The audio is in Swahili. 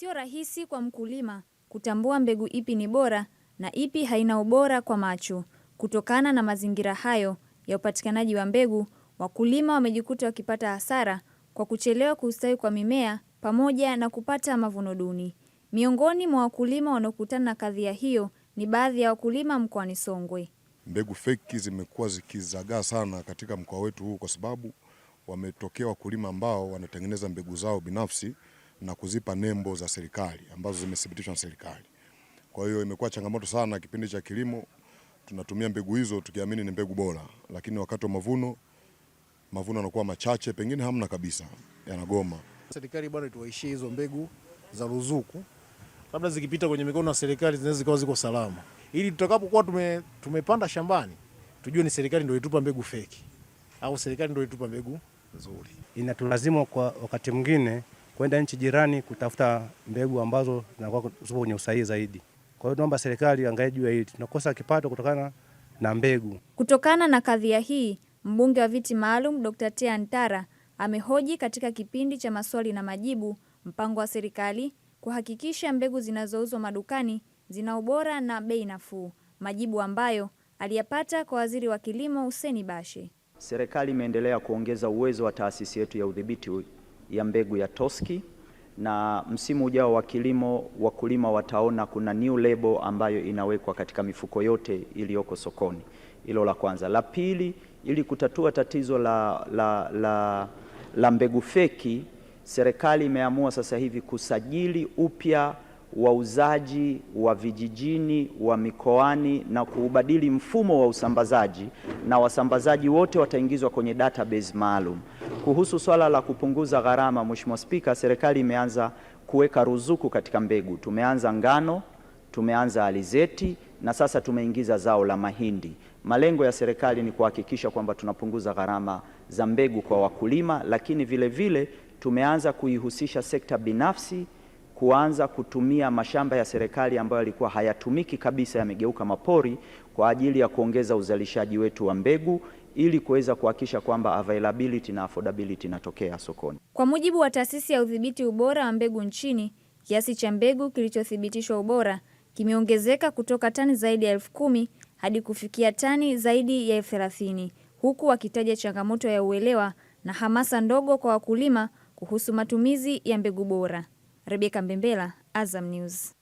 Sio rahisi kwa mkulima kutambua mbegu ipi ni bora na ipi haina ubora kwa macho. Kutokana na mazingira hayo ya upatikanaji wa mbegu, wakulima wamejikuta wakipata hasara kwa kuchelewa kustawi kwa mimea pamoja na kupata mavuno duni. Miongoni mwa wakulima wanaokutana na kadhia hiyo ni baadhi ya wakulima mkoani Songwe. Mbegu feki zimekuwa zikizagaa sana katika mkoa wetu huu kwa sababu wametokea wakulima ambao wanatengeneza mbegu zao binafsi na kuzipa nembo za serikali ambazo zimethibitishwa na serikali. Kwa hiyo imekuwa changamoto sana kipindi cha kilimo, tunatumia mbegu hizo tukiamini ni mbegu bora, lakini wakati wa mavuno mavuno yanakuwa machache, pengine hamna kabisa, yanagoma. Serikali bado ituwaishie hizo mbegu za ruzuku, labda zikipita kwenye mikono ya serikali zinaweza zikawa ziko salama, ili tutakapokuwa tume, tumepanda shambani tujue ni serikali ndio itupa mbegu feki au serikali ndio itupa mbegu nzuri. Inatulazimu kwa wakati mwingine kwenda nchi jirani kutafuta mbegu ambazo zinakuwa zipo kwenye usahihi zaidi. Kwa hiyo tunaomba serikali angalie juu ya hili, tunakosa kipato kutokana na mbegu. Kutokana na kadhia hii, mbunge wa viti maalum Dr. Tia Ntara amehoji katika kipindi cha maswali na majibu mpango wa serikali kuhakikisha mbegu zinazouzwa madukani zina ubora na bei nafuu, majibu ambayo aliyapata kwa waziri wa kilimo huseni Bashe. Serikali imeendelea kuongeza uwezo wa taasisi yetu ya udhibiti ya mbegu ya Toski na msimu ujao wa kilimo wakulima wataona kuna new label ambayo inawekwa katika mifuko yote iliyoko sokoni. Hilo la kwanza. La pili, ili kutatua tatizo la, la, la, la mbegu feki, serikali imeamua sasa hivi kusajili upya wauzaji wa vijijini wa mikoani na kuubadili mfumo wa usambazaji, na wasambazaji wote wataingizwa kwenye database maalum. Kuhusu swala la kupunguza gharama, Mheshimiwa Spika, serikali imeanza kuweka ruzuku katika mbegu. Tumeanza ngano, tumeanza alizeti na sasa tumeingiza zao la mahindi. Malengo ya serikali ni kuhakikisha kwamba tunapunguza gharama za mbegu kwa wakulima, lakini vile vile tumeanza kuihusisha sekta binafsi kuanza kutumia mashamba ya serikali ambayo yalikuwa hayatumiki kabisa, yamegeuka mapori kwa ajili ya kuongeza uzalishaji wetu wa mbegu ili kuweza kuhakikisha kwamba availability na affordability inatokea sokoni. Kwa mujibu wa taasisi ya udhibiti ubora wa mbegu nchini, kiasi cha mbegu kilichothibitishwa ubora kimeongezeka kutoka tani zaidi ya elfu kumi hadi kufikia tani zaidi ya elfu thelathini huku wakitaja changamoto ya uelewa na hamasa ndogo kwa wakulima kuhusu matumizi ya mbegu bora. Rebeka Mbembela, Azam News.